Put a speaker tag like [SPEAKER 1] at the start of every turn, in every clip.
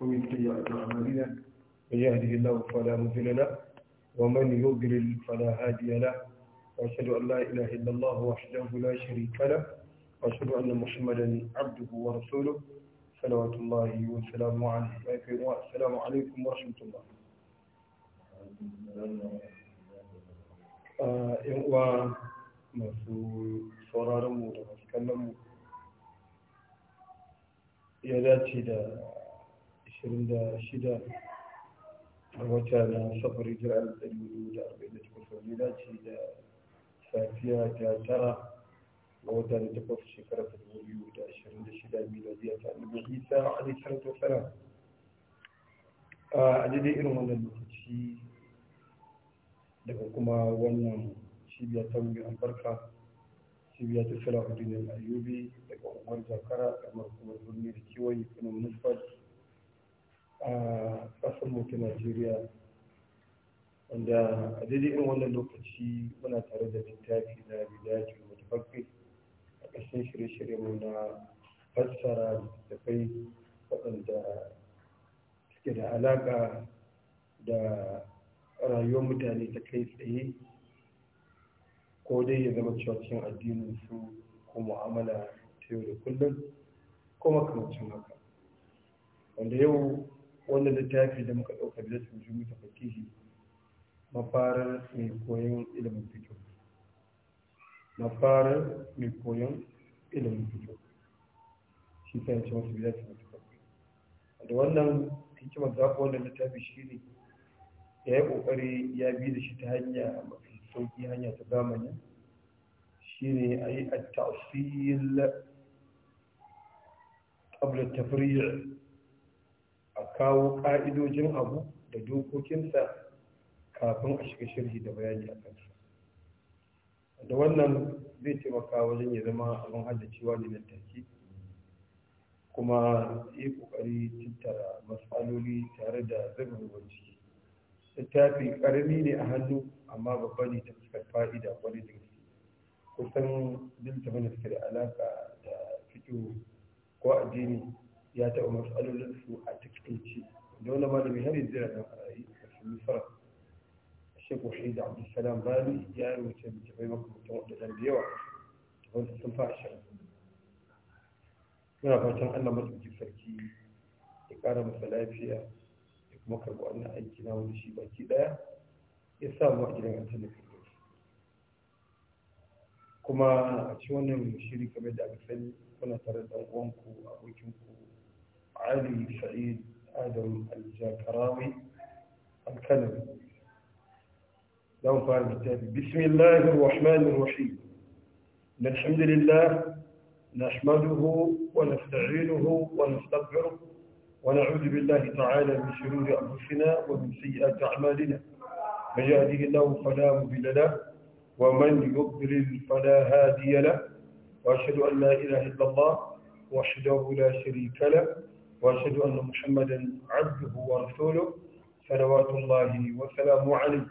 [SPEAKER 1] ومن سيئات أعمالنا من يهده الله فلا مضل له ومن يضلل فلا هادي له وأشهد أن لا إله إلا الله وحده لا شريك له وأشهد أن محمدا عبده ورسوله صلوات الله وسلامه عليه السلام عليكم ورحمة الله yan uwa masu sauraronmu يا masu 26 a wata na safari jira'ar 248 wani dace da safiya ta tara a wata da takwas shekarar 2026 miliyar ta annabi isa a alisar tattara a daidai irin wannan lokaci daga kuma wannan cibiyar ta mai albarka cibiyar ta salahuddin al'ayyubi daga umar zakara kamar kuma birni da kewaye kuma municipal a ƙasar mu ta Najeriya wanda a daidai irin wannan lokaci muna tare da littafi na bidaji mutafakir a ƙarshen shirye-shirye mu na fassara kai waɗanda suke da alaƙa da rayuwar mutane ta kai tsaye ko dai ya zama cewa cin addinin su ko mu'amala ta yau da kullum ko makamancin haka wanda yau wannan littafi da muka ɗauka da su jumi ta fakihi mafarar mai koyon ilimin fito mafarar mai koyon ilimin fito shi ta yanci masu biya su mutu da wannan hikimar ku wannan littafi shi ne ya yi ƙoƙari ya bi da shi ta hanya mafi sauƙi hanya ta zamani shi ne a yi a ta'asil ƙabla tafriyar kawo ƙa'idojin abu da dokokinsa kafin a shiga shirhi da bayani a kansu da wannan zai taimaka wajen ya zama abin haddacewa ne na kuma yi kokari tattara matsaloli tare da zubin bincike littafi karami ne a hannu amma babba ne ta fuskar fa'ida kwarai da gaske kusan dinta da suke da alaka da fito ko addini ya taɓa matsalolin su a ci. da wani malami har yanzu yana a ra'ayi a cikin misra shekku da abdulsalam bani ya rubuta tafai makamantan waɗannan da yawa wanda sun fara shan muna fatan allah ji sarki ya ƙara masa lafiya ya kuma karɓi wannan aiki na wani shi baki ɗaya ya sa mu a gidan aljanna firdausi kuma a ci wannan shiri kamar da aka sani kuna tare da ɗan uwanku abokinku علي سعيد آدم الجاكراوي الكلبي لو قال بالتالي بسم الله الرحمن الرحيم إن الحمد لله نحمده ونستعينه ونستغفره ونعوذ بالله تعالى من شرور أنفسنا ومن سيئات أعمالنا من يهده الله فلا مضل له ومن يضلل فلا هادي له وأشهد أن لا إله إلا الله وحده لا شريك له وأشهد أن محمدا عبده ورسوله صلوات الله وسلامه عليه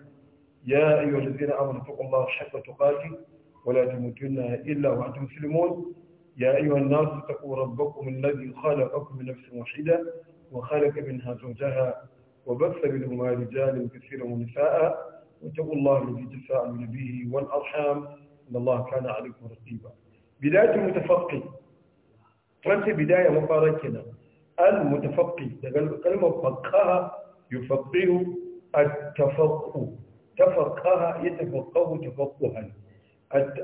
[SPEAKER 1] يا أيها الذين آمنوا اتقوا الله حق تقاته ولا تموتن إلا وأنتم مسلمون يا أيها الناس اتقوا ربكم الذي خلقكم من نفس واحدة وخلق منها زوجها وبث منهما رجالا كثيرا ونساء واتقوا الله الذي تساءلون به والأرحام إن الله كان عليكم رقيبا بداية المتفقه فأنت بداية مباركة المتفقه دغل كلمه فقه يفقه التفقه تفقه يتفقه تفقها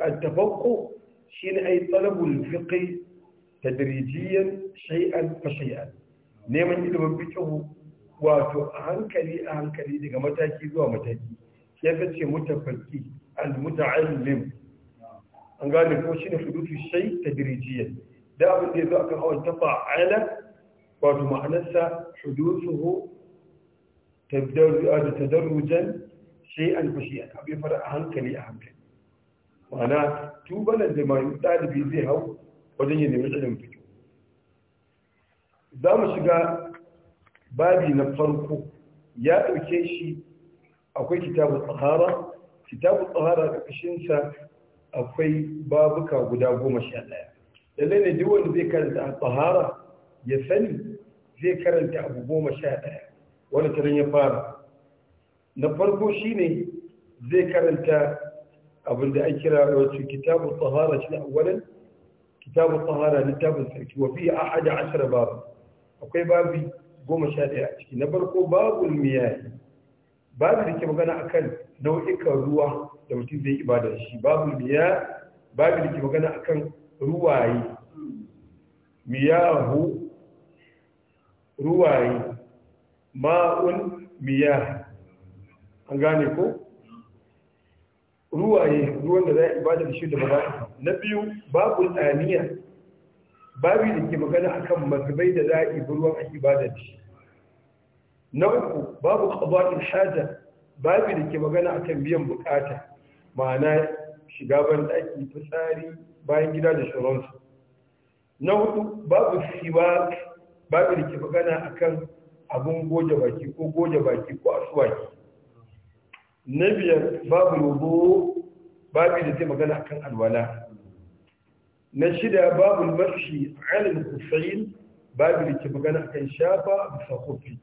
[SPEAKER 1] التفقه شيء اي طلب الفقه تدريجيا شيئا فشيئا نيما نعم، يدوم بيتو واتو هنكلي هنكلي دغه متاكي زو متاكي كيف تشي متفقي المتعلم ان غادي يكون حدوث الشيء تدريجيا دائما بده يزعك او تطع على wato ma'anarsa hudusuhu tadarrujan ah, shay'an fa shay'an abin fara a hankali a hankali ma'ana tubalan da mai dalibi zai hau wajen yin nemi ilimin fito. za mu shiga babi na farko ya ɗauke shi akwai kitabun tsahara kitabun tsahara da ƙashinsa akwai babuka guda goma sha ɗaya lallai ne duk wanda zai karanta a tsahara ya sani zai karanta abu goma sha ɗaya wani tarin ya fara na farko shine zai karanta abin da ake kira wacce kitabun tsahara shi na awalin kitabun tsahara littafin sarki wafi a hada ashirar babu akwai babu goma sha ɗaya a ciki na farko babu miyayi babu da ke magana akan nau'ikan ruwa da mutum zai ibada shi babu miya babu da ke magana akan ruwaye miyahu ruwaye ma'un miya an gane ko ruwaye ruwan da za a ibada da shi da ba na biyu babu tsaniya babu da ke magana akan mazubai da za a ibi ruwan a ibada da shi na uku babu ƙabarin haja babu da ke magana akan biyan bukata ma'ana shiga ban daki fitsari bayan gida da shuransu na hudu babu siwaki. babu da ke magana akan abun goje baki ko goje baki ko asuwaki na biyar babu rubo babu da zai magana akan alwala na shida babu mafi alal kusayin babu da ke magana akan shafa bisa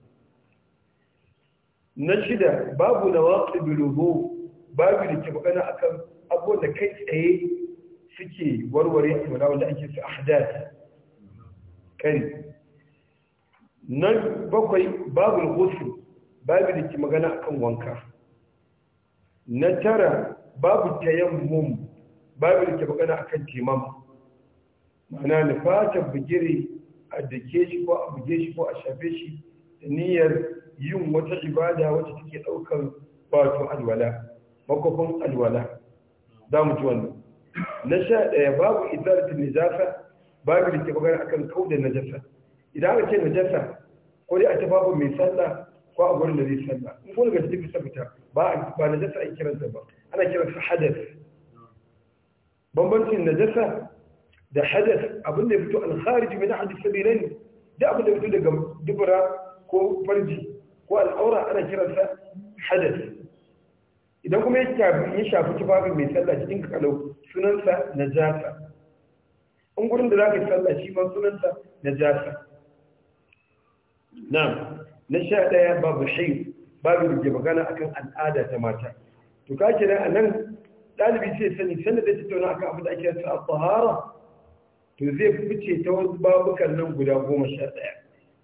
[SPEAKER 1] na shida babu na waƙi bilobo babu da ke magana akan abubuwan da kai tsaye suke warware alwala wanda ake su ahdad kai Nan bakwai babu ghusl babu da ke magana akan wanka na tara babu tayammum babu da ke magana akan timama Mana na fata bugiri a dake shi ko a buge shi ko a shafe shi da niyyar yin wata ibada wacce take daukar wato alwala makofin alwala za mu ji wannan na sha ɗaya babu idaratul nijafa babu da ke magana akan kauda najasa idan aka ce najasa ko dai a babu mai sallah ko a gurin da zai sallah in ko daga cikin bisa fita ba ba najasa ake kiransa ba ana kiransa hadas bambancin najasa da hadas abin da ya fito na min ahadi ne. da abin da ya fito daga dubura ko farji ko al'aura ana kiransa hadas idan kuma ya shafi ya shafi mai sallah cikin kalau sunansa najasa in gurin da za ka yi sallah shi ma sunansa najasa na na sha ɗaya babu shi babu da ke magana akan al'ada ta mata to ka kira a nan ɗalibi sai sani sanda da tattauna akan abu da ake yasa a tsahara to zai fice ta wasu babukan nan guda goma sha ɗaya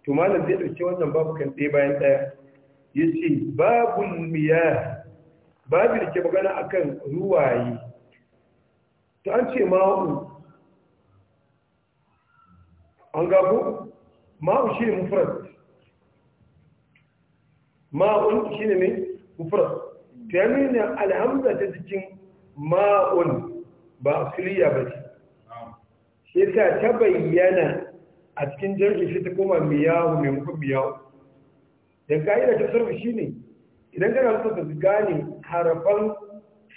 [SPEAKER 1] to malam zai ɗauki wannan babukan ɗaya bayan ɗaya ya ce babun miya babu da ke magana akan ruwaye To an ce ma'u an gabo ma'u shi ne mufrat ma'un shi ne mai kufra ta yi ne alhamza ta cikin ma'un ba filiya ba ce shi ta ta bayyana a cikin jirgin shi ta koma miyawu mai mukun miyawu da ka'ida ta sarfi shi ne idan gana su ta gane harafan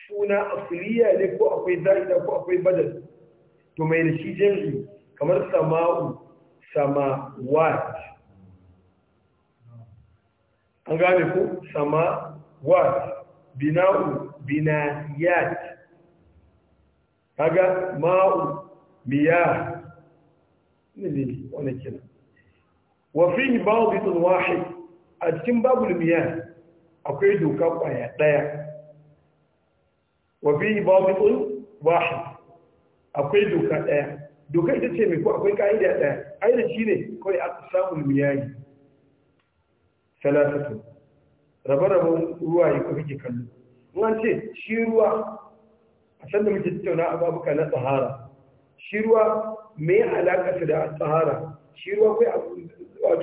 [SPEAKER 1] suna a asiliya ne ko akwai za'ida ko akwai badal to mai da shi jirgin kamar sama'u wa'ad an gane ku sama wa bina'u binayat kaga ma'u miya ne wannan kenan wa fihi ba'dun wahid a cikin babu miya akwai doka kwaya daya wa fihi ba'dun wahid akwai doka daya doka ita ce mai ku akwai ka'ida daya aida shine kai miya miyahi talafatu rabe-raben ruwa ya kuma ke kallo ruwan ce shi ruwa a san da muke tattauna a babuka na tsahara shi ruwa me alaƙa da tsahara shi ruwa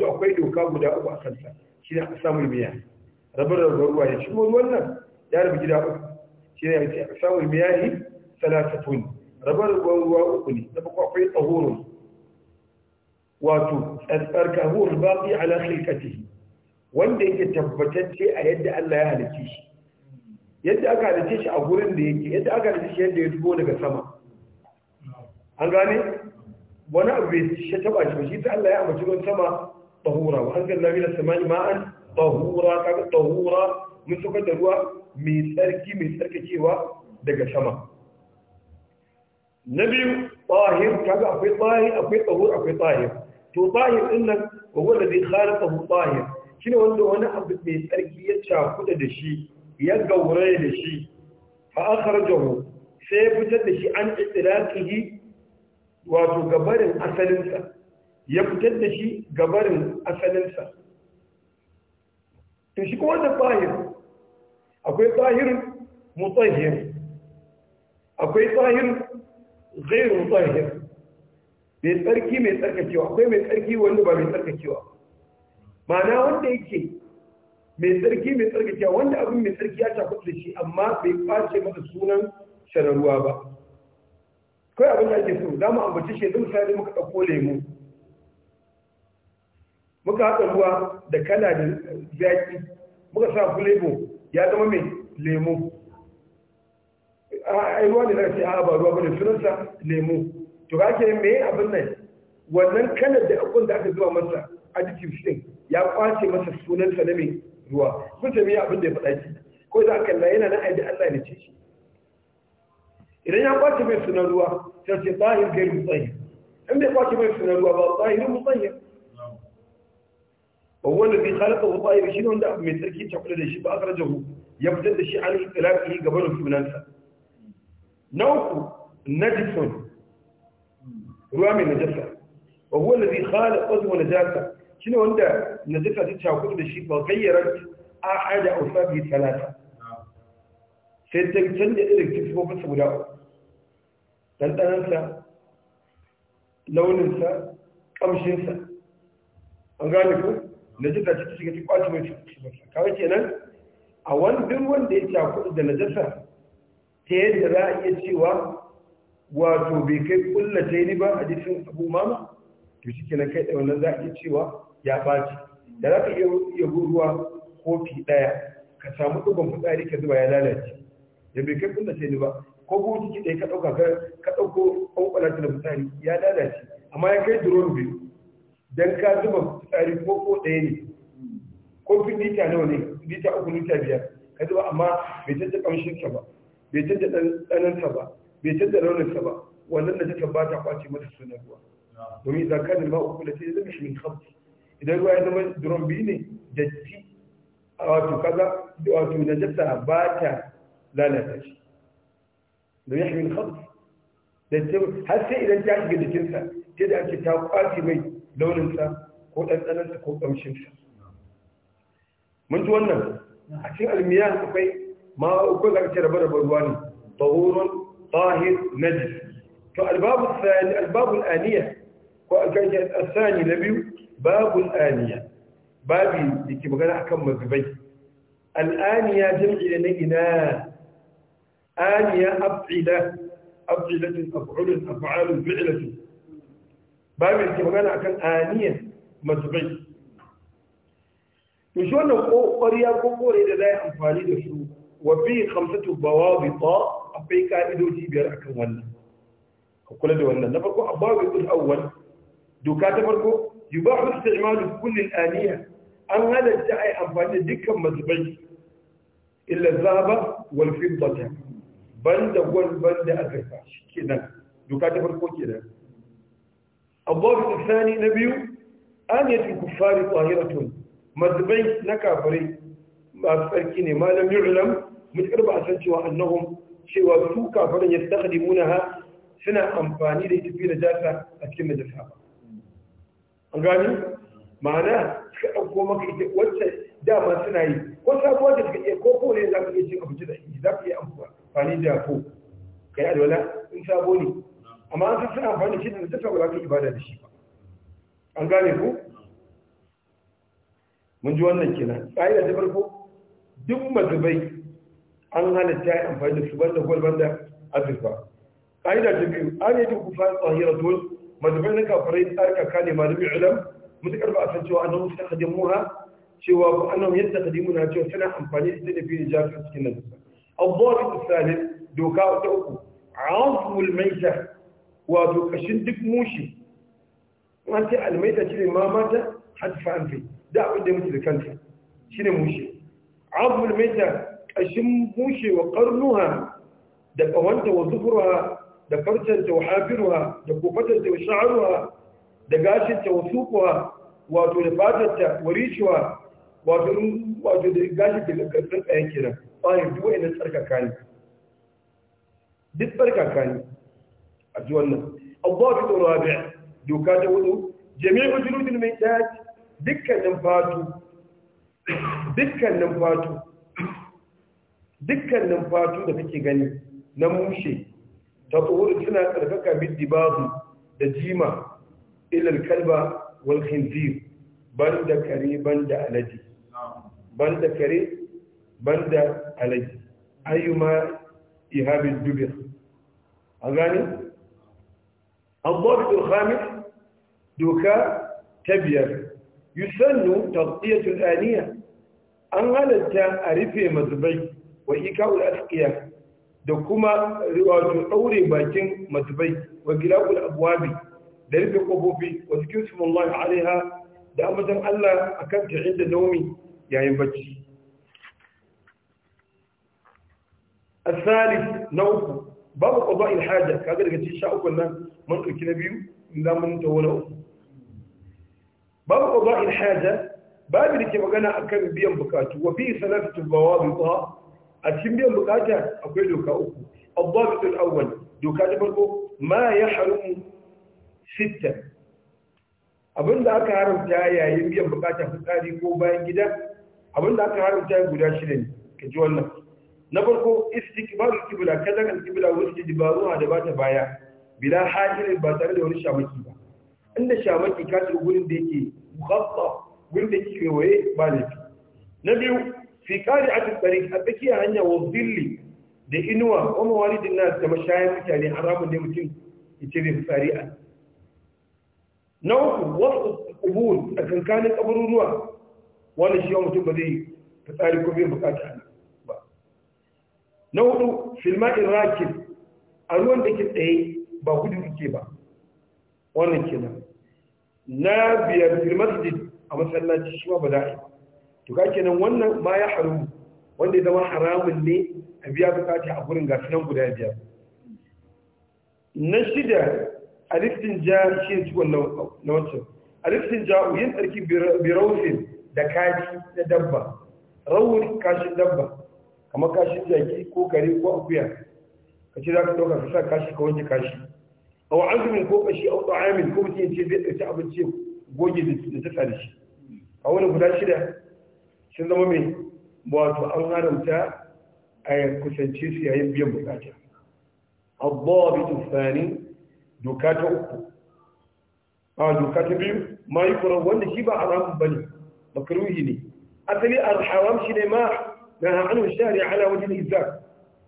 [SPEAKER 1] akwai doka guda uku a kansa shi ne a samun miya rabe-raben ruwa ya shi ruwan nan ya rabu gida uku shi ne a ce a samun miya ne talatatun rabe-raben ruwa uku ne da bakwa akwai tsahorun wato tsarkahun baƙi ala khilkatihi wanda yake tabbatacce a yadda Allah ya halice shi yadda aka halice shi a gurin da yake yadda aka halice shi yadda ya dubo daga sama an gane wani abu bai shi taba shi ba shi ta Allah ya amince ruwan sama tahura wa anzalna minas samai ma'an tahura kaga tahura mun suka da ruwa mai tsarki mai tsarkakewa daga sama na biyu tsahir kaga akwai tsahir akwai tsahur akwai tsahir to tsahir din nan wa wanda zai khalaqa tsahir ne wanda wani abu mai tsarki ya cakuda da shi ya gaura da shi a akhrajahu sai ya fitar da shi an istilaqihi wato gabarin asalinsa ya fitar da shi gabarin asalinsa to shi kuma da fahir akwai fahir mutahir akwai fahir zai mutahir mai tsarki mai tsarkakewa akwai mai tsarki wanda ba mai tsarkakewa ma'ana wanda yake mai tsarki mai tsarki ya wanda abin mai tsarki ya tafi da shi amma bai kwace masa sunan shararuwa ba kai abin da ake so za mu ambaci shi zan sai muka dauko lemu muka haɗa ruwa da kala da zaki muka sa fulebo ya zama mai lemu a ruwa ne zai a ba ruwa bane sunansa lemu to ke mai abin nan wannan kalar da abin da aka zuba masa additive shi ya kwace masa sunansa na mai ruwa kun tabi abin da ya faɗa ki ko za ka yana na aidi Allah ne ce shi idan ya kwace mai sunan ruwa sai ce tahir gairu mutahir in bai kwace mai sunan ruwa ba mu mutahir ba wanda bai halaka wa tahir shi ne wanda abu mai tsarki ta kula da shi ba akar jahu ya fitar da shi an itilaki gaban sunansa na uku najison ruwa mai najasa ba wanda bai khalaqa wa najasa shine wanda da ta ji cakudu da shi ba gayyarar a haida a sabi talata sai ta canza irin kifofinsa guda ɗanɗanansa launinsa ƙamshinsa an gane ku najasa ce ta shiga ta kwaci mai cikinsa kawai kenan a wani wanda ya cakudu da najasa ta yadda za a iya cewa wato bai kai kullace ni ba a jikin abu mama to shi kenan kai da wannan za a iya cewa ya ɓaci da za ka iya ruwa kofi ɗaya ka samu dubban fitsari ka zuba ya lalace da bai kai kunna sai ni ba ko buci ki ka dauka ka ɗauko ƙwanƙwala ta da fitsari ya lalace amma ya kai drone bi dan ka zuba fitsari ko ko ɗaya ne ko fi lita nawa ne lita uku lita biyar ka zuba amma bai canza ka ba bai canza ɗanansa ba bai canza ka ba wannan da ta tabbata kwace mata sunan ruwa domin zakar da ma'ukula sai zama shi min khamsu idan ruwa ya zama duron biyu ne datti a wato kaza wato najasa ba ta lalata shi da ya hamil khamsa datti har sai idan ta shiga jikinsa sai da ake ta kwafi mai launinsa ko ɗanɗanansa ko ƙamshinsa mun ji wannan a cikin almiya akwai ma uku za ka ce rabe rabe ruwa ne tahurun tahir najis to albabu alaniya ko alkanki asani na biyu باب الآنية باب يكي مغانا حكم مذبي الآنية جمع لنا آنية أبعلة أبعلة أفعل أفعال فعلة باب يكي مغانا حكم آنية مذبي يشون قرية قرية إذا لا يأفعلي دشو وفي خمسة بوابطة أفعي كائدو جيبير أكم ولا وكل دولنا نفرقوا أبواب الأول دوكاتا فرقوا يباح استعمال كل الآنية أن هذا الدعي أفعال ذكا مذبي إلا الذهب والفضة بند والبند أذرفا كده دكاتة فرقو كده الضابط الثاني نبي آنية الكفار طاهرة مذبي نكافري ما تفركيني ما لم يعلم متقرب أسنشوا أنهم شوى سوكا فلن يستخدمونها سنة أمفاني لتفير جاسة أتكلم جفافة an gani ma'ana suka ɗauko maka ita wacce dama suna yi ko sabuwa da suka iya ko ko ne za ka iya cin abinci da inji za ka iya amfani da ko ka yi alwala in sabo ne amma an san suna amfani da shi da ta samu za ka ibada da shi ba an gane ku. mun ji wannan kenan ƙa'ida ta farko duk mazubai an halatta ya amfani da su banda gwal banda azurfa ƙa'ida ta biyu an yi duk kufa tsahira tol ما دبنك فريد أرك كان ما دبي علم متكرر أصلاً شو أنهم يستخدموها شو أنهم يستخدمونها شو سنة أمفاني سنة في نجار في سكنة الضوء الثالث دوكا وتأكو عظم الميتة ودوكشن دك موشي ما أنت الميتة شنو ما مات حد فاهم فيه دعوة دي مثل كانت شنو موشي عظم الميتة أشم موشي وقرنها دقوانت وظفرها da farcenta wa hafiruwa da kofatanta wa sha'aruwa da gashinta wa sukuwa wato da fatarta wa rishuwa wato da gashinta ga tsuntsayen kiran bayan duwa inda tsarkaka ne duk tsarkaka ne a ji wannan abuwa fi tsoro abin doka ta wudu jami'in jirudin mai ɗaya dukkanin fatu dukkanin fatu dukkanin fatu da kake gani na mushe ta tuhuru suna tsarkaka biddi babu da jima ilal kalba wal khinzir banda kare da alaji ban banda kare da alaji ayyuma ihabin dubir a gani al-dhabit al-khamis doka ta biyar yusannu taghtiyatu al-aniya an halatta a rufe mazubai wa ika'ul asqiya da kuma wato daure bakin matubai wa gilaqul abwabi da rufe kofofi wa zikrullahi alaiha da ambaton Allah akan ta inda naumi yayin bacci الثالث نوع باب قضاء الحاجة كذا لك تشاء كنا من كنا بيو إلا من تولوا باب قضاء الحاجة باب لك مغانا أكم بيان بكاته وفيه ثلاثة بوابطة a cikin biyan bukata akwai doka uku abdabitul awwal doka ta farko ma ya haramu sittan abinda aka haramta yayin biyan bukata fitsari ko bayan gida abinda aka haramta guda shida ne ka ji wannan na farko kibla qibla kadan al-qibla wa a da ba ta baya bila hajir ba tare da wani shamaki ba inda shamaki ka ji gurin da yake mukhatta gurin da yake waye ba ne na biyu fi kari a tsari a tsakiyar hanya wa zilli da inuwa kuma wani nas da mashayar mutane a ramun da mutum ya ce zai fitsari a na uku wasu kubun a kankanin kabaruruwa wani shi mutum ba zai fitsari ko biyan bukata ba na hudu filmatin rakin a ruwan da ke tsaye ba gudu ke ba wannan kenan na biyar filmatin a masallaci shi ba za a yi ba to ga kenan wannan ma ya haramu wanda ya zama haramun ne a biya bukata a gurin gasu nan guda biyar na shida alifin ja shi ne cikon na wancan alifin ja yin tsarki biraufin da kaji na dabba rawun kashin dabba kamar kashin jaki ko kare ko akuya ka ce za ka ɗauka ka sa kashi ka wanke kashi a wa'azumin ko kashi a wata amin ko mutum ce zai ɗauki abinci goge da ta tsari shi a wani guda shida sun zama mai wato an haramta a kusance su yayin biyan bukata abuwa bi tufani doka ta uku a doka ta biyu ma yi kuran wanda shi ba haramun ba ne makaruhi ne asali alharam shi ne ma na hannun shari'a ala wajen izar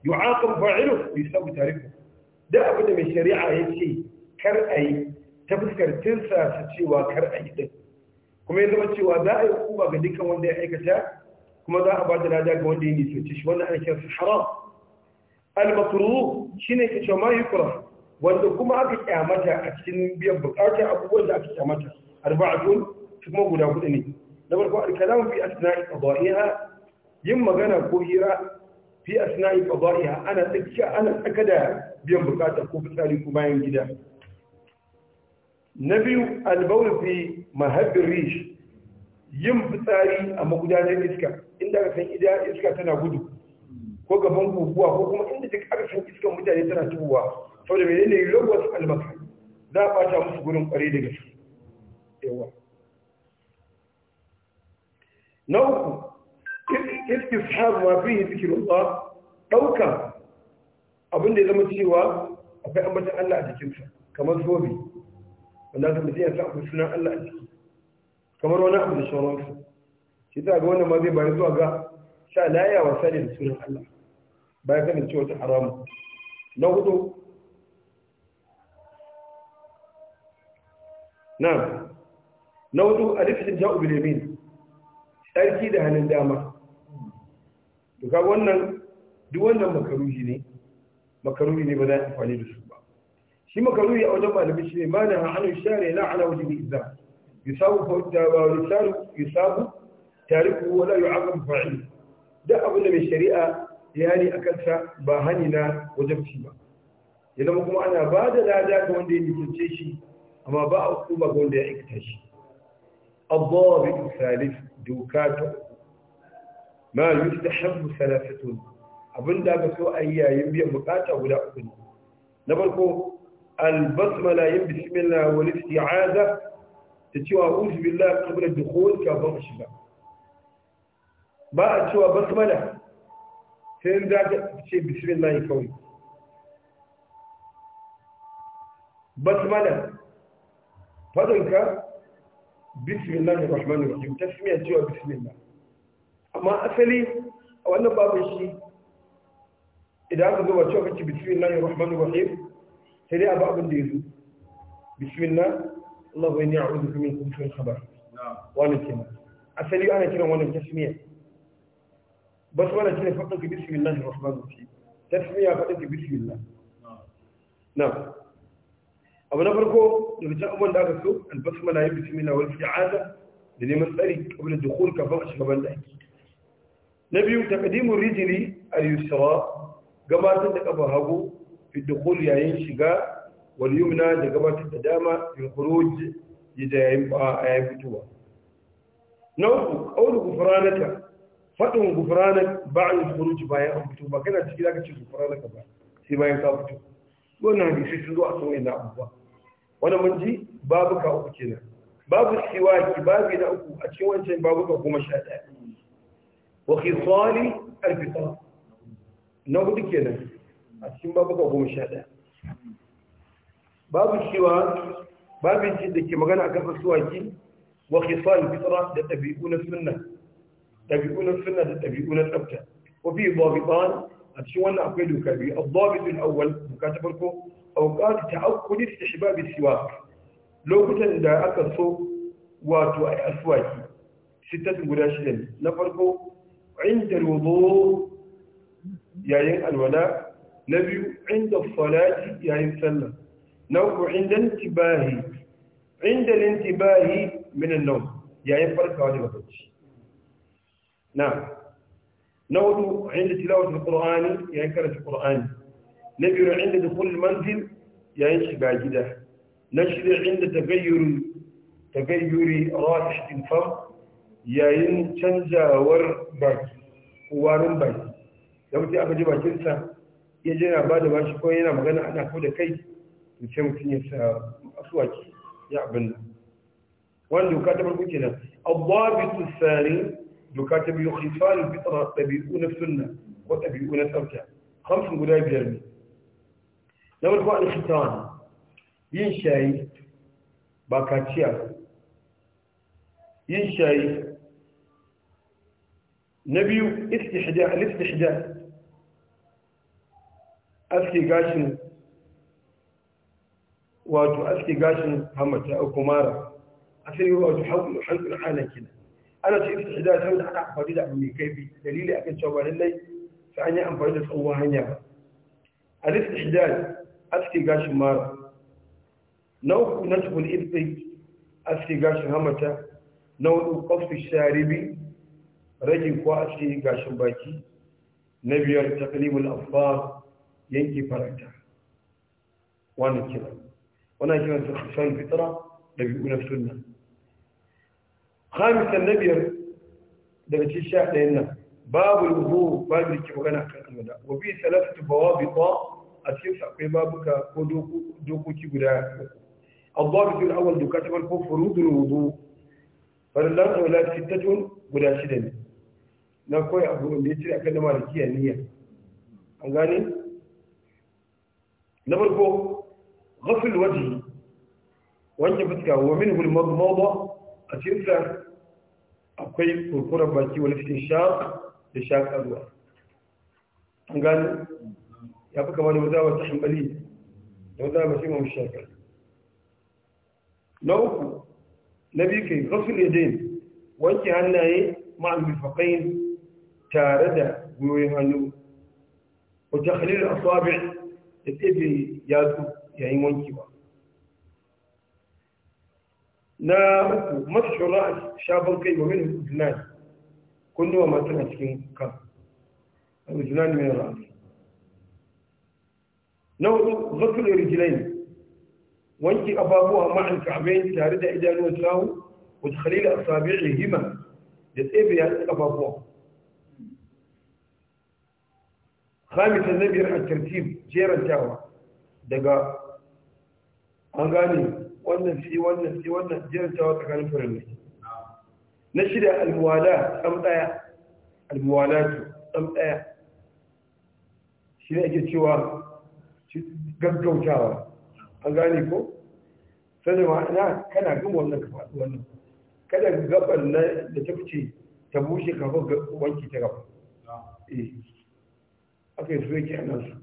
[SPEAKER 1] yu'aqab fa'ilu bi sabu tariku da abin da mai shari'a ya ce kar a yi ta fuskar tinsa su cewa kar a yi din kuma ya zama cewa za a yi hukuma ga dukkan wanda ya aikata kuma za a ba da lada ga wanda ya nisanci shi wannan aikin su haram al-makruh shine ke cewa ma yukra wanda kuma aka kyamata a cikin biyan bukatar abubuwan da aka kyamata arba'atun kuma guda hudu ne na farko al-kalamu fi asna'i qada'iha yin magana ko hira fi asna'i qada'iha ana tsakiya ana tsaka da biyan bukata ko fitsari ko bayan gida na biyu albawul fi mahabbin rish yin fitsari a magudanar iska inda ka san idan iska tana gudu ko gaban guguwa ko kuma inda duk arzikin iskan mutane tana tubuwa sau da menene lagos albasa za a bata musu gurin kware da gasu. yawa na uku istishab ma fi zikirullah dauka abin da ya zama cewa akwai ambatan Allah a jikinsa kamar zobe wanda ka mutum ya sa akwai sunan Allah a ciki kamar wani abu da shawararsu shi ta ga wannan ma zai bari zuwa ga sha laya wasa ne da sunan Allah bayan ganin cewa ta haramu na hudu na na hudu a rikicin ja'u bilimin tsarki da hannun dama duka wannan duk wannan makaruhi ne makaruhi ne ba za a amfani da su shi makaruhi a wajen malamai shi ne ma na hannun share na ala wajen izza wani tsari wa lisaru tare tariku wala yu'aqab fa'il da abin da mai shari'a ya yi a kansa ba hani na wajen ci ba ya zama kuma ana ba da lada ga wanda ya nisance shi amma ba a hukuma ga wanda ya aikata shi الضابط الثالث دوكاته da يستحب abin da aka so a yi yayin biyan bukata guda uku ne na farko البسملة ين بسم الله والاستعاذة تتوى أعوذ بالله قبل الدخول كفر شبا ما أتوى بسملة فين ذاك بسم الله يكوي بسملة فضلك بسم الله الرحمن الرحيم تسمية تتوى بسم الله أما أسلي أو أنا بابشي إذا أخذوا وتوقع بسم الله الرحمن الرحيم سريع بعض الديزو بسم الله الله إني أعوذ بك من خبث الخبر وأنا كنا أسألي أنا كنا وأنا تسمية بس وأنا كنا فقط بسم الله الرحمن الرحيم تسمية فقط بسم الله نعم أبو نبركو نرجع أول دارسو البسمة لا بسم الله والفي عادة لني مسألي قبل الدخول كفرش قبل ذلك نبي تقديم الرجل اليسرى قبل ذلك أبو هبو fidda yayin shiga wani yumna da gabatar da dama in khuruj da yayin yayin fitowa na uku qawlu gufranaka fadin gufranak ba'da khuruj bayan an fito ba kana ciki za zaka ce gufranaka ba sai bayan ka fito wannan hadisi sun zo a sun na abuwa Wani mun ji babu ka uku kenan babu siwa siwaki babu na uku a cikin wancan babu ka goma sha ɗaya wa khisali al na hudu kenan a cikin babuka goma sha ɗaya babu cewa babin ci da ke magana akan asuwaki wa khisal fitra da ɗabi'u na sunna ɗabi'u na sunna da ɗabi'u na tsafta wa fi dhabitan a cikin wannan akwai doka biyu adhabitul awwal doka ta farko awqat ta'akkudi fi shibab siwak lokutan da aka so wato ai aswaki sittatun guda shida ne na farko inda rubo yayin alwala نبي عند الصلاة يا يعني يسلم نوم عند الانتباه عند الانتباه من النوم يا يعني يفرق هذه الوقت نعم نوم عند تلاوة القرآن يا يعني يكرة القرآن نبي عند دخول المنزل يا يشبع جدا نشر عند تغير تغير رائحة الفم يا ينشنجا ور باك وارم باك يا متي أبدي باك ya je yana ba da bashi ko yana magana ana ko da kai to ce mutum ya sa asuwaki ya abin nan wani doka ta farko kenan abubuwa sari doka ta biyu khisalin fitra ɗabi'u na sunna ko ɗabi'u na tsafta hamsin guda biyar ne na farko an khitan yin shayi ba kaciya yin shayi na biyu istihda al-istihda aske gashin wato aske gashin hamata a kumara a sai wato hankul halin kina ana ce ita shida ta wanda aka amfani da abu mai kaifi dalili akan cewa ba lallai sai an yi amfani da tsawon hanya ba a lista shida aske gashin mara na uku na tukun irfai aske gashin hamata na hudu kwafi sharibi rage ko aske gashin baki na biyar takalibul afar yanke faranta wannan kira wannan kira su kusan fitara da biyu na sunna khamisan na da daga ci sha ɗayan nan babu ruhu babu da ke magana kan alwada wa bi salatu bawabita a cikin sa akwai babuka ko dokoki guda uku الضابط الأول دكاتب da فروض الوضوء فلله أولاد ستة guda shida ne na koyi abu da ya cire akan na malikiya niyya an gane na farko ghafil waji wanke fuska wa min al-madmada a cikin sa akwai kurkurar baki wani cikin shaq da shaqar karuwa an gani ya fi kama da wata ta hanbali da ba shi mamu shaqar na uku na biyu kai ghafil yadin wanke hannaye ma'an bifaqain tare da gwiwoyin hannu wa takhlil asabi' da ya yatsu yayin wankewa na uku masu shura a shafin kai wa min junani kunnuwa masu a cikin kan abu junani mai ra'ayi na hudu zakar rijilai wanki ababuwa ma'an ka'abai tare da idanuwan sahu wata khalila asabi'i hima da tsebe yatsun ababuwa khamisan na biyar al-tartib jerantawa daga an gane wannan fi wannan fi wannan jerantawa tsakanin furanni na shida al-muwala tsam daya al-muwalatu tsam daya shi ne ake cewa gaggautawa an gane ko sanin ma'ana kana gama wannan ka wannan kada gabar da ta fice ta bushe kafin wanki ta gaba eh. aka yi soyayya a nan su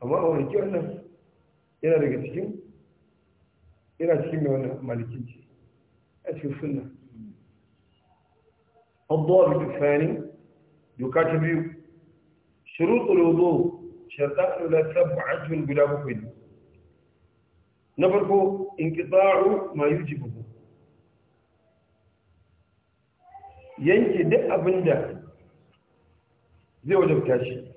[SPEAKER 1] amma a wani kyan nan yana daga cikin yana cikin mai wani malikin ce a cikin suna abuwa da tufani doka ta biyu shiru tsoro sharta a nuna tabba a cikin guda bakwai ne na farko in ki tsaro ma yi ji babu yanke duk abin zai wajabta shi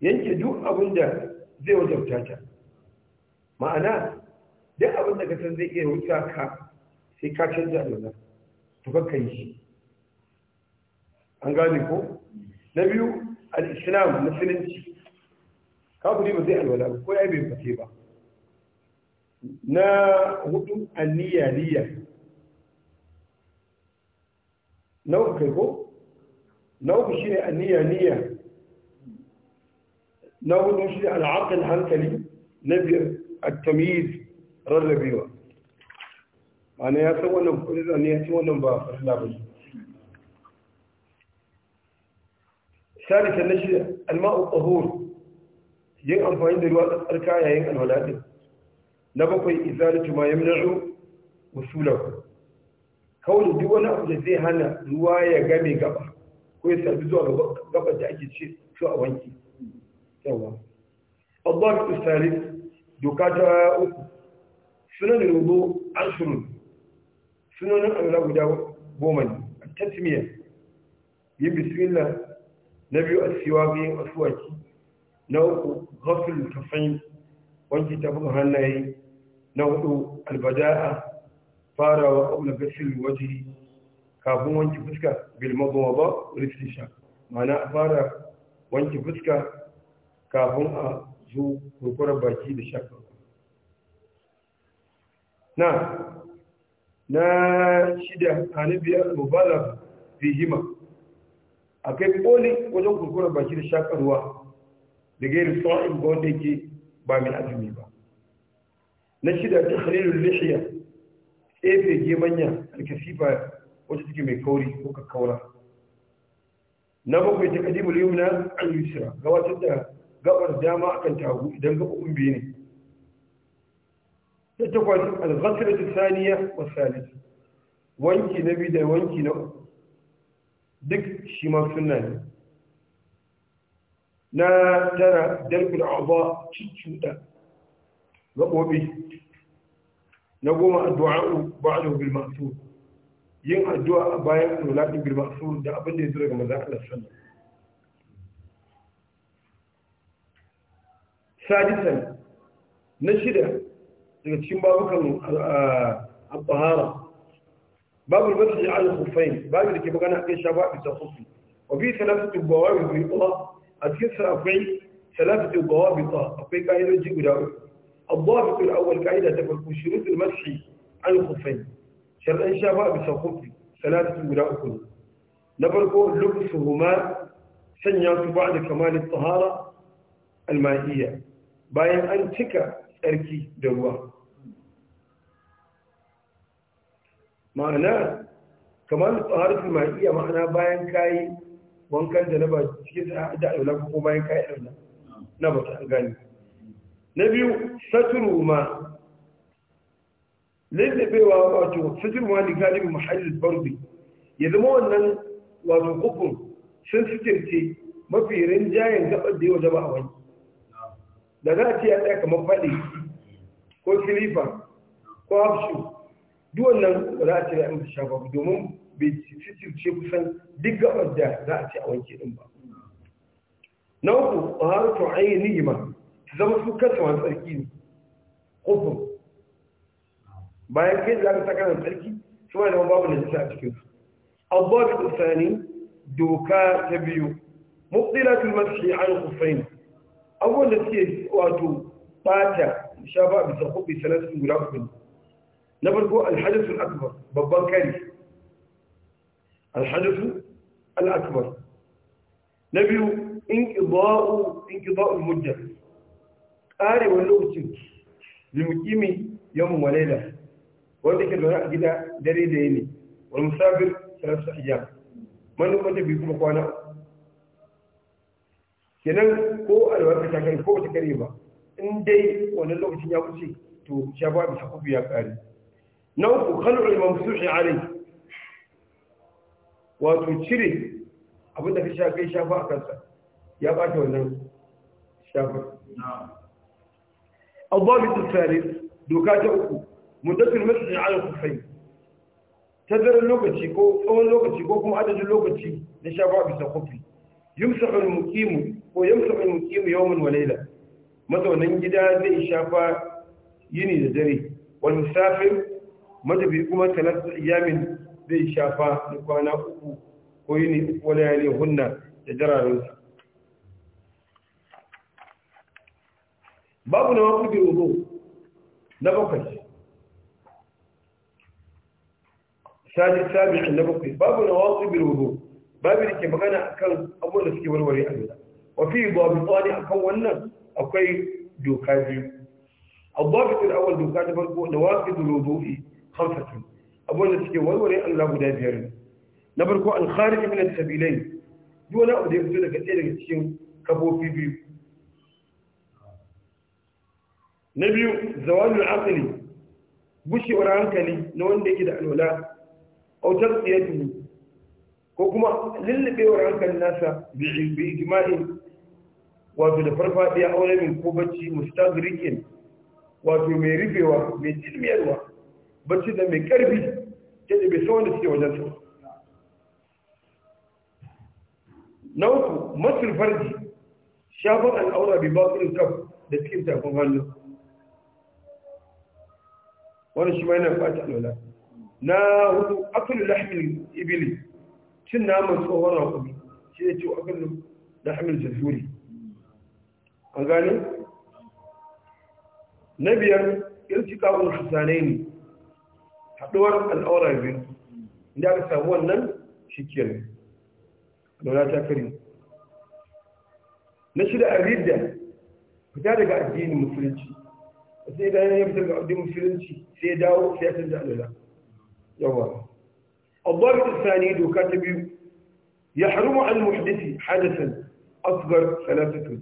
[SPEAKER 1] yanke duk abin da zai wajabta ta ma'ana duk abin da ka san zai iya wuta ka sai ka canza da to ka kai shi an gane ko na biyu al-islam musulunci kafiri ba zai alwala ba ko ya bai fate ba na hudu anniya na hukai ko نوب شيء النية نية نوب نشي العقل هنكلي نبي التمييز رضي بيوا أنا يسوى نبقل أن يسوى نبقل لا بجي ثالثا نشي الماء الطهور ين أنفعين دلوقت أركايا ين أنهلات نبقي إزالة ما يمنع وصوله كون دوانا أجزيه هنا رواية قمي قبر ko ya sadu zuwa gabar da ake ce su a wanki yawa abdul istalif doka ta uku sunan rubo an shuru sunanin amina guda goma ne a tasmiyar yi bisimila na biyu a siwa biyan asuwaki na uku ghafil tafayin wanki tafin hannaye na hudu albada'a farawa abu na gashin waje kafin wanke fuska bil madmada rifisha Mana a fara wanke fuska kafin a zo kurkura baki da shafa na na shida hanibiyar mubala fihima a kai koli wajen kurkura baki da shakarwa da gairu sa'in ga wanda yake ba mai azumi ba na shida ta halilun lihiya tsefe gemanya alkasifa wacce take mai kauri ko kakkaura na bakwai ta kadibul yumna al yusra gabatar da gabar dama akan tagu idan gabobin biyu ne ta takwas al ghaslatu thaniya wa thalith wanki na biyu da wanki na uku duk shi ma sunna ne na tara dalkul a'dha cuccuda gabobi na goma addu'a ba'dahu bil ma'thur yin addu'a a bayan solatin bil ma'sur da abin da ya zo daga manzon Allah sallallahu sadisan na shida daga cikin babukan al-bahara babu al-masjid al-khuffain babu da ke magana akan shafa bisa khuffi wa bi thalathatu bawabit bi a cikin sa akwai ثلاثة ضوابط أقول قاعدة جيد أول الضابط الأول قاعدة تفرق شروط المسح عن الخفين shar'an shafa a bisa kofi salatu guda uku ne na farko lukusu huma sanya su ba da kamalin tsahara almahiyya bayan an cika tsarki da ruwa ma'ana kamalin tsahara almahiyya ma'ana bayan kayi wankan da na ba cikin da alwala ko bayan kayi alwala na ba ta an gani na biyu saturu ma laifaifewa wato fitir wani galibin mahallin barbi ya zama wannan wato kufur sun fitirce mafi rinjayen gabar da yawa jama'a wani da za a ce ya tsaya kamar faɗi ko kilifa ko afshu duwannan ba za a ce ya amsa shafa domin bai fitirce kusan duk gabar da za a ce a wanke din ba na uku a harto ainihin ma zama su kasa wani tsarki ne kufur bayan kai za ka saka da tsarki su wani babu najasa a cikin su abbabi tsani doka ta biyu mubdilatul mashi an kufain abubuwan da suke wato bata shafa bisa kuɓi sanatun guda kuɗi na farko alhadisul akbar babban kari alhadisul akbar na biyu inkida'ul mujja ƙarewar lokacin limukimi yawan walaila wanda ke zaune a gida dare da yini wal musafir salatu man manufan ta bi kuma kwana kenan ko alwarka ta kai ko ta kare ba in dai wani lokacin ya wuce to shafa bisa kufi ya kare na uku kalmar mamsuhi alai wato cire abin da ka sha shafa a kansa ya bata wannan shafar abubuwa bisu tsari doka ta uku muddatul masjid ala kufai tazarar lokaci ko tsawon lokaci ko kuma adadin lokaci na shafa bisa kufi yumsahul muqimu ko yumsahul muqimu yawman wa layla mazaunan gida zai shafa yini da dare wal musafir matafi kuma talatu iyamin zai shafa da kwana uku ko yini uku wala hunna da jararinsa babu na ke wudu na bakwai sadi sabi'in na bakwai babu na wasu bilwudu babu da ke magana a kan abubuwan da suke warware a nuna wafi babu tsawani a kan wannan akwai doka biyu abuwa fitar awal doka ta farko na wasu bilwudu'i hamsatun abubuwan da suke warware a nuna guda biyar na farko an kharij min sabilai duk wani abu da ya fito daga ɗaya daga cikin kafofi biyu na biyu zawalul aqli gushewar hankali na wanda yake da alwala autar tsiyadu ko kuma lullubewar hankali nasa bi ijma'i wato da farfadiya aure min ko bacci mustagrikin wato mai rufewa mai tilmiyarwa bacci da mai karfi yadda bai san wanda suke wajen su na uku masir farji al'auna, al'aura bi bakirin kaf da cikin tafin hannu wani shi yana ɓata alwala na hudu akwai lahimin ibili cin naman tsohon rakumi shi ya ce akwai lahimin jazuri an gane na biyar irci kawun hasane ne haduwar al'aura biyu inda aka samu wannan shi ke daura ta kari na shida a ridda fita daga addinin musulunci sai idan ya fita daga addinin musulunci sai dawo sai ya canza alula yawa الضرب الثاني دوكا كاتب يحرم عن المحدث حدثا أصغر ثلاثة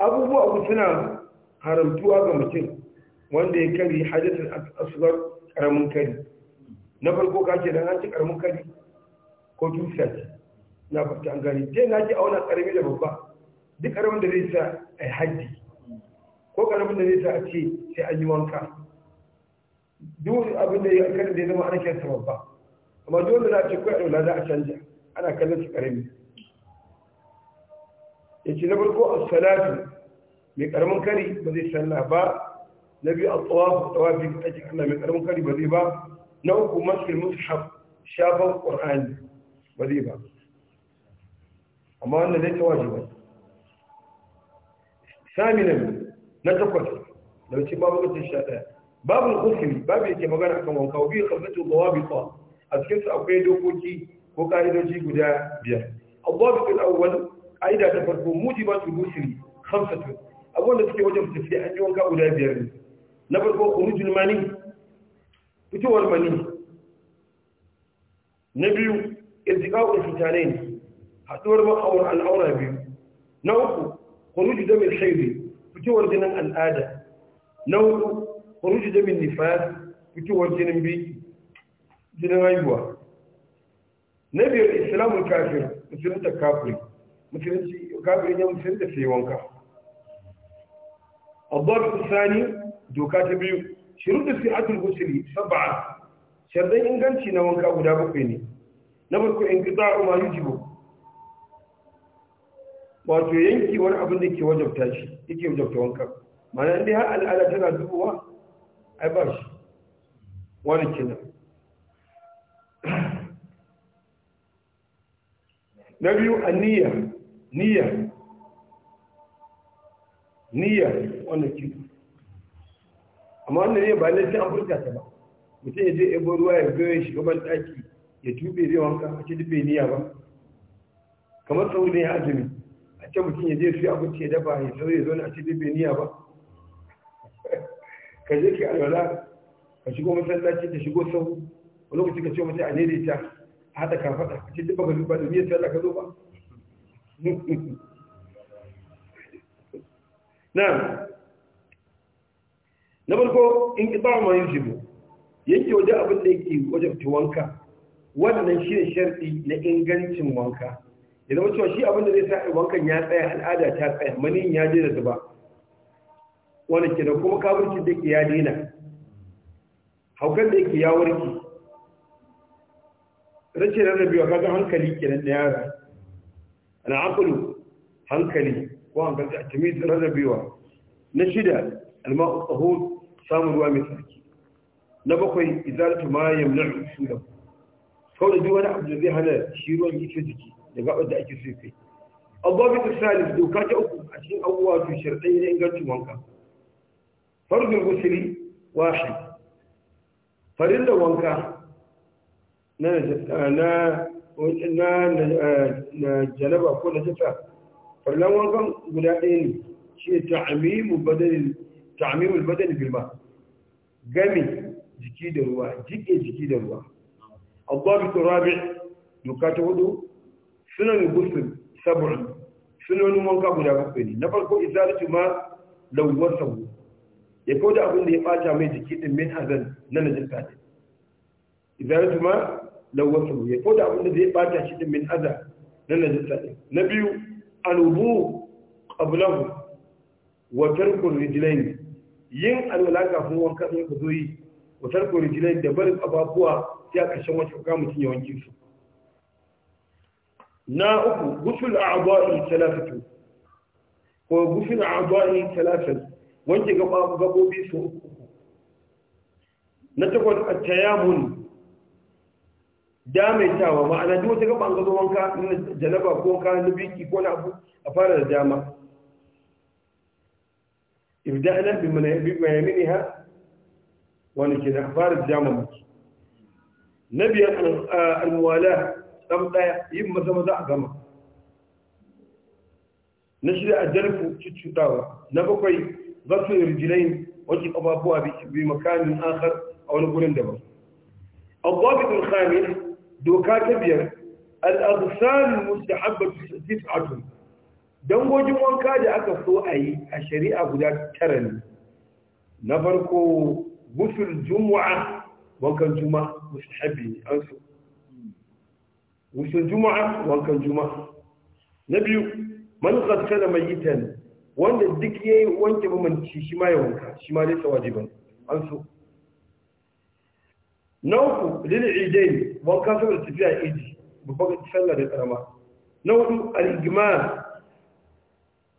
[SPEAKER 1] أبو بو أبو سنة هرمتو أبو متن وان دي كري حدثا أصغر كرمون كري نفر كو كاشي لنانتي كرمون كري كو توساتي نفر تانغاني دي ناجي أولا كرمي لبابا دي كرمون دريسا أي حدي ko karamin da zai sa a ce sai an duk abin da ya kada da ya zama ana kyan babba amma duk wanda a ce kawai ɗaula za a canja ana kallon su ƙarami ya ce na farko a salatu mai ƙaramin kari ba zai salla ba na biyu a a tsawafi a cikin allah mai ƙaramin kari ba zai ba na uku masu mushaf shafan ƙur'ani ba zai ba amma wanda zai ta ba. saminan na takwas da wuce babu mutum sha ɗaya babu hukumi babu yake magana kan wanka wa biyu kalmatu dawabita a cikinsu akwai dokoki ko ka'idoji guda biyar abubuwa bin awwal aida ta farko muji ba su hamsatu abubuwan da suke wajen tafiya an yi wanka guda biyar ne na farko kurujin mani fitowar mani na biyu irtikawa da fitane ne haɗuwar ma'aura al'aura biyu na uku kurujin damar shaidu fitowar jinin al'ada na khuruj jamin nifas fitowar jinin biki jinin haihuwa na biyar islamun kafir musulunta kafiri musulunci kafirin ya musulunta sai wanka abdul sani doka ta biyu shuruɗu sihatul gusuli sab'a sharɗan inganci na wanka guda bakwai ne na farko in ki za'a ma yujibu wato yanki wani abin da ke wajabta shi yake wajabta wanka mana inda har al'ada tana dubuwa ai bar shi e wani kina na biyu a niyya niyya niyya wani kina e amma wanda ne ba lalle an furta ta ba mutum ya je ebo ruwa ya goye shi gaban daki ya tube zai wanka a ce dubbe niyya ba kamar saurin ya azumi a ce mutum ya je su yi abinci ya dafa ya sauri ya zo na a ce dubbe niyya ba ka je ki alwala ka shigo masallaci ka shigo sahu a lokacin ka ce mace a daidaita a haɗa ka faɗa a ce duk baka duba da niyyar sallah ka zo ba na'am na farko in ƙiba ma yin jibo yanke wajen abin da yake wajen wanka wannan shi ne sharɗi na ingancin wanka Idan zama shi abin da zai sa wankan ya tsaya al'ada ta tsaya manin ya je da zuba wani kenan kuma kafircin da ke ya dina haukan da yake ya warke rashin a kaga hankali kenan da yara ana akulu hankali ko hankali a rana rarrabewa na shida alma'u tsahon samun ruwa mai tsarki na bakwai izalatu ma yamna'u da kawai duk wani abu da zai hana shi ruwan yake jiki da gaɓar da ake so kai abubuwa bitar salis doka ta uku a cikin abubuwa to sharɗai na ingancin wanka farjin gusiri washe farin da wanka na janaba ko na jita farin wankan guda ɗaya ne shi ta'amimul badani bilma gami jiki da ruwa jike jiki da ruwa abdullahi turabi doka ta hudu sunan gusul sabu'in sunanin wanka guda bakwai ne na farko izalatu ma lauwar sabu ya da abin da ya bata mai jiki din min hazan na najasa ne idan kuma lawwasu ya da abin da zai bata shi din min hazan na najasa ne na biyu alubu qablahu wa tarku rijlain yin alwala kafin wanka sai ku zo yi wa tarku rijlain da barin ababuwa sai a ƙarshen wata ka mutun ya wanke su na uku gusul a'dha'i thalathatu ko gusul a'dha'i thalathatu wanke gabobi su uku na takwas a tayamun damaitawa ma'ana duk wata gaba an wanka na janaba ko ka na biki ko na abu a fara da dama ibda'na bi mayaminiha wani ke da fara da dama muke na biyar almuwala tsam daya yin maza maza a gama na shirya a jalfu cuccuɗawa na bakwai ضرب الرجلين وجه أبابوها بمكان آخر أو نقول اندبر الضابط الخامس دوكات بير الأغسال المستحبة تسعة don gojin wanka da aka so a yi a shari'a guda tara ne na farko gusul juma'a wankan juma'a musahabi ne an so gusul juma'a wankan juma'a na biyu man gaskana mai yitan wanda duk ya yi wanke mamanci shi ma yawon ka shi ma laisa wajiban an so na uku lil idai wanka saboda tafiya idi babban sallah da karama na hudu al-igmar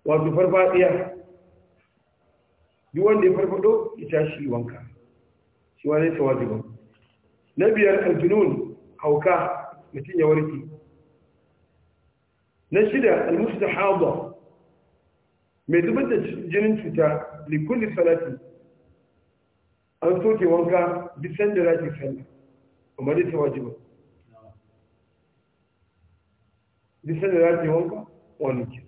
[SPEAKER 1] wato farfadiya yi wanda ya farfado ya tashi wanka shi ma laisa wajiban na biyar al hauka mutum ya warke na shida al-mustahaba mai zubar da jinin cuta likulli salati an soke wanka bisan da rafi ki kuma da dai ta wajiba duk sanda wanka wani ke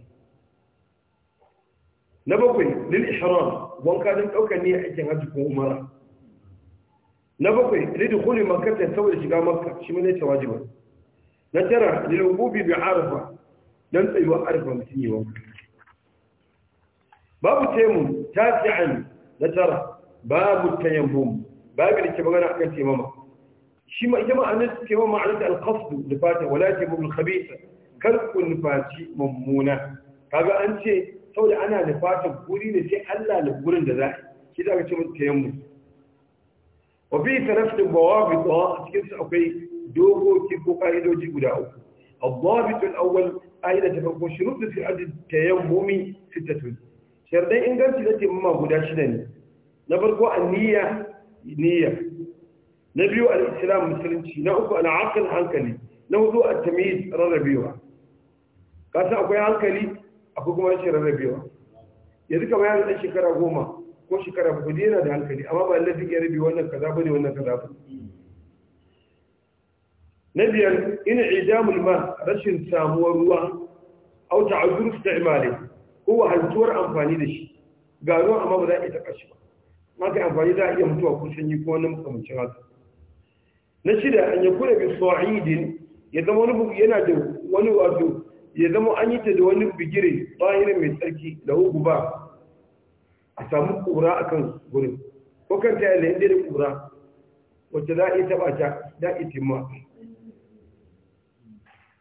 [SPEAKER 1] na bakwai lil ihram wanka don ɗaukar ne aikin hajji ko umara na bakwai lil khuli makkah saboda shiga maka shi ne ta wajiba na tara lil wubi bi arfa don tsayuwa arfa mutum yi wanka باب تيمم تاسعا لترى باب التيمم باب اللي تبغانا عن التيمم شي ما يجمع عن التيمم على القصد لفاته ولا تيمم الخبيثة كرق النفاتي ممونة كابا أنت سوى أنا لفاته بولي نسي ألا لبولن دذاك كذا كتب التيمم وفي ثلاثة بوابط آه، تكلس أوكي دوغو كيكو قائدو جيكو داو الضابط الأول أين تفقو شروط في عدد التيممي ستة shardan inganci zai taimama guda shida ne na farko aniyya niyya na biyu al-islam musulunci na uku al-aql hankali na hudu at-tamyiz rarrabewa kasa akwai hankali akwai kuma shi rarrabewa yanzu kamar ya zai shekara goma ko shekara hudu yana da hankali amma ba lalle ya rabi wannan kaza bane wannan kaza ba na biyar ina ijamul ma rashin samuwar ruwa au ta'azzur istimali ko wahaltuwar amfani da shi ga ruwan amma ba za a iya taɓa shi ba kai amfani za a iya mutuwa ko sanyi ko wani makamancin haka na shida an ya kula bi sa'idin ya zama wani yana da wani wato ya zama an yi ta da wani bigire bayanin mai tsarki da hugu ba a samu kura a kan gurin ko kan ta yalla inda da kura wacce za a iya taɓa ta da itimma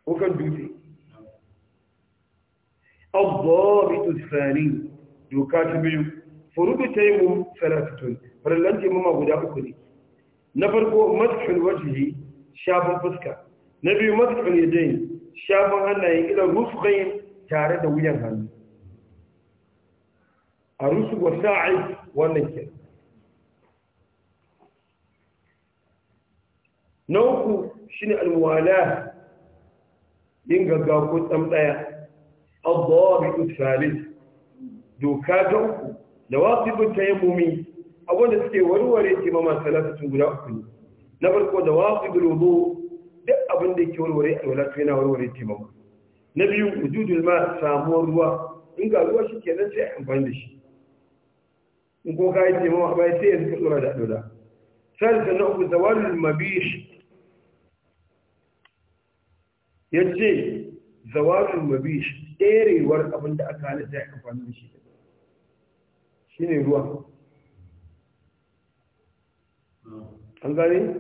[SPEAKER 1] ko kan dutse الضابط الثاني يكاتب فرد تيمم ثلاثة فرلن تيمم أبو داخل نفرق مدح الوجه شاب فسكا نبي مدح اليدين شاب هنه إلى رفقين تارد ويان هنه أرسل وساعد ونكا نوكو شنو الموالاة ينقل قاوكو تمتايا الضابط الثالث dokatan lawaqibut tayammumi abunda suke warware timama salatu guda uku ne na farko da waqibul wudu duk abin da yake warware alwala to yana warware timama na biyu wujudul ma samuwar ruwa in ga ruwa shi kenan sai amfani da shi in ko kai timama ba sai yanzu ka tsora da alwala sai na uku zawalul mabish yace zawalul mabish ɗerewar abin da aka halitta ya amfani da shi shi ne ruwa an gane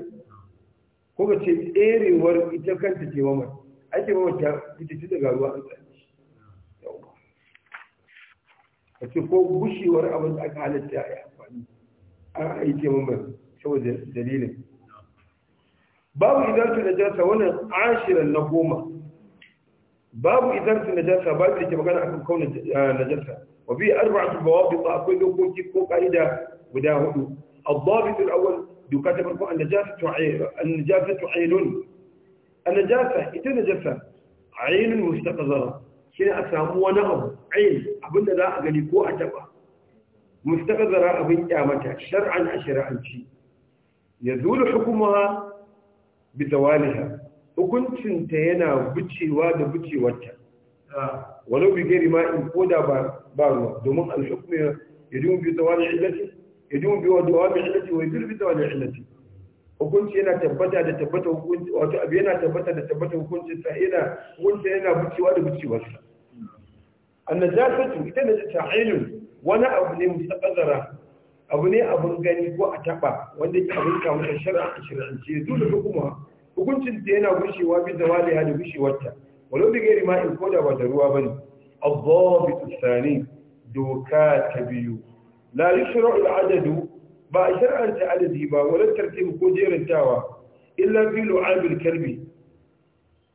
[SPEAKER 1] ko ce ɗerewar ita kanta ce mamar ake mamar ta ita ce daga ruwa an tsani shi a ce ko gushewar abin da aka halitta ya amfani an aike mamar saboda dalilin babu idan ta da jasa wannan ashirin na goma باب idarsu najasa babu da ke magana akan كون آه، نجاسة وفي أربعة arba'atu أقول لكم كيف قاعدة ka'ida الضابط الأول دوكات لكم النجاسة عين النجاسة عين النجاسة إذا نجاسة عين مستقذرة هنا أسامو ونغم عين أبدا لا أقول لكم أتبع مستقذرة أبن قامتها شرعا أشرعا شيء يزول حكمها بزوالها hukuncinta yana bucewa da bucewarta ah. Wani bi gairi ma'in ko da ba ruwa domin alhukmu ya dumu bi wani illati ya dumu bi wa dawami illati wa yadul bi illati hukunci yana tabbata da tabbata hukunci wato abu yana tabbata da tabbata hukuncin ta yana hukunci yana bucewa da bucewarsa annajasatu ita ne ta ainu wani abu ne mustaqazara abu ne abun gani ko a taba wanda yake abun kamun shari'a a shari'ance dole hukuma hukuncin ta yana gushewa bi da wali hali gushewarta walau da gairi ma in koda ba da ruwa bane الضابط الثاني دوكا تبيو لا يشرع العدد با شرعا تعددي ba wani الترتيب ko jerin tawa illa في لعاب الكلب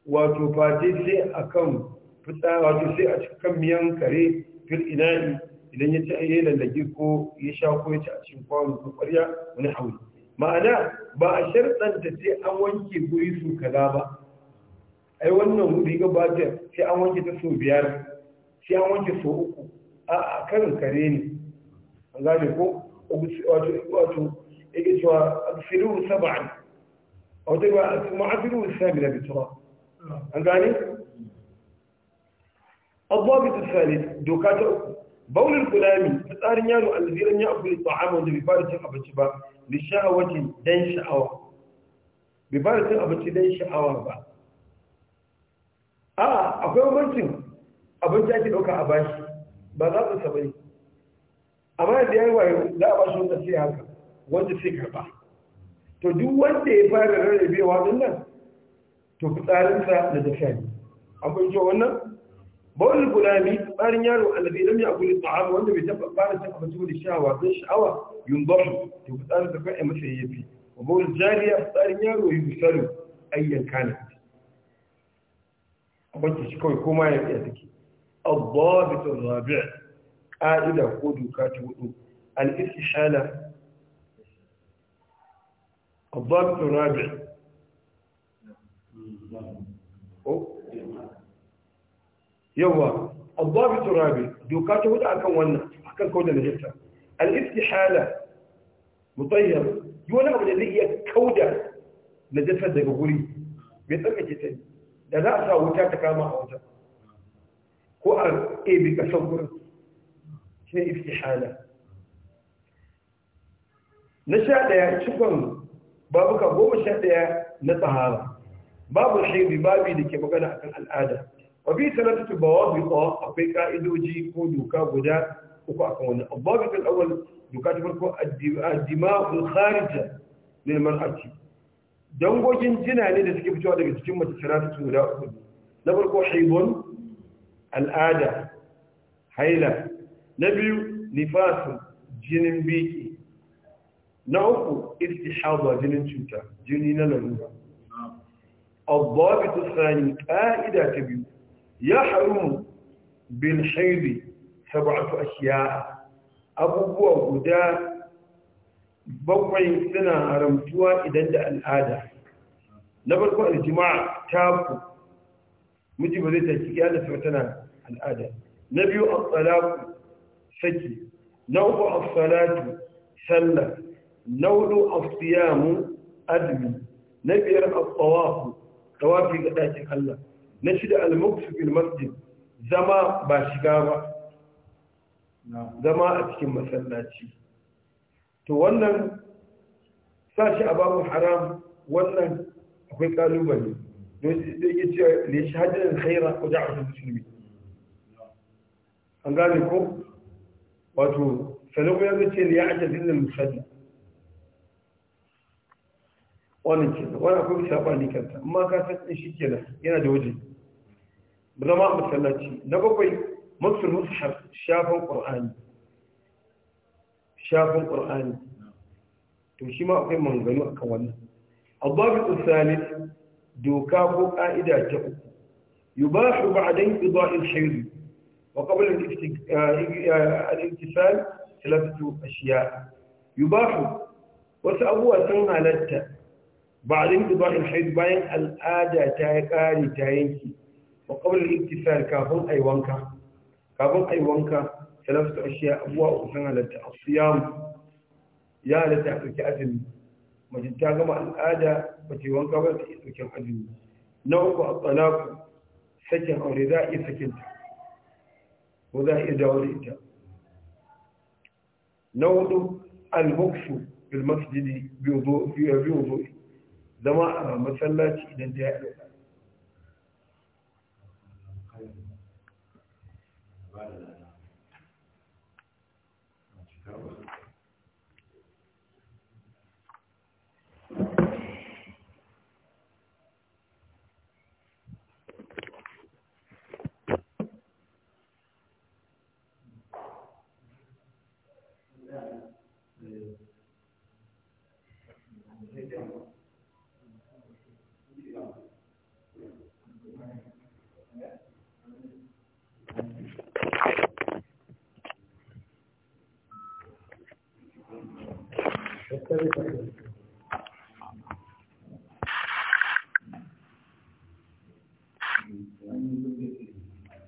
[SPEAKER 1] wato fati sai a kan fita wato sai a cikin miyan kare fil ina'i idan ya ci yi lallage ko ya sha ko ya ci a cikin kwano ko ƙwarya wani hauli ma'ana ba a sharɗanta sai an wanke guri su kaza ba ai wannan hudu ga ba sai an wanke ta so biyar sai an wanke so uku a karin kare ne an gane ko wato wato yake cewa afiru sab'an a wata ba kuma afiru sami da bitura an gane ta الضابط الثالث دوكاتا بول الغلام تسارين يانو الذي لم يأكل الطعام وجب abinci ba. bi sha'awatin dan sha'awa bai ba da cin abinci dan sha'awa ba a akwai mamarcin abinci ake ɗauka a bashi ba za su saba yi amma da ya wayo za a ba shi wanda sai haka wanda sai karba to duk wanda ya fara rarrabewa din nan to fitsarinsa da tafiya ne akwai cewa wannan bawul gulami tsarin yaro alabi lam ya kuli ta'am wanda bai ba fara cin abinci da sha'awa don sha'awa ينضحوا تبتال تقعي مسيحي وبقول الجارية بطار نيارو يبسلوا أيا كانت أبا تشكوي كوما يبيتك الضابط الرابع قائدة قدو كاتبو الإسحالة الضابط الرابع يوه الضابط الرابع دوكاته هدى أكا وانا أكا كودا نجيبتها al-istihala mutayyar yi wani abu da zai iya kauda na jasar daga guri mai tsarkake ta yi da za a sa wuta ta kama a wuta ko a ebe kasan gurin shi ne istihala na sha daya cikon babuka goma sha daya na tsahara babu shaibi babi da ke magana akan al'ada wabi sanatatu bawa biyu akwai ka'idoji ko doka guda وكون الضابط الاول دكاتب الدماغ الخارجة للمرأة دونغو جن جنا ني سكي فتو داغي سكي مات سرات سودا حيبون الادا حيلا نبي نفاس جنن بيكي نوفو استحاضة جنن شوتا جنين نلوغا الضابط الثاني قائدة تبيو يحرم بالحيض sab'atu ashiya abubuwa guda bakwai suna haramtuwa idan da al'ada na farko aljima'a ku. miji ba zai taki ya da tana al'ada na biyu al-salaku saki na uku al-salatu sallah na hudu al-siyamu azumi na biyar al-tawafu tawafi ga dakin Allah na shida al-muksu bil masjid zama ba shiga ba zama a cikin masallaci to wannan sashi a babu haram wannan akwai kalubale don sai ya ce da shi hajjar khaira ko da aure musulmi an gane ko wato salamu ya ce ya ajiye da musalli wannan ke wani akwai ne kanta amma ka san shi kenan yana da waje zama a masallaci na bakwai maksar musu har shafin ƙur'ani shafin ƙur'ani to shi ma akwai manganu a kan wannan abbabi doka ko ƙa'ida ta uku yubahu ba'dan in shaidu wa qabla a shiya yi ba yubahu wasu abubuwa sun halatta ba'dan in shaidu bayan al'ada ta ya kare ta yanki wa ƙabalin al kafin aiwanka wanka kafin a yi wanka salafta ashiya abuwa uku sun halatta a siyamu ya halatta a ɗauki azumi mace ta gama al'ada ba ta yi wanka ba ta iya ɗaukin azumi na uku a tsalaku sakin aure za a iya sakin ta ko za a iya dawo da ita na hudu al-muksu bil masjidi bi wudu'i zama a masallaci idan ta yi al'ada Gracias.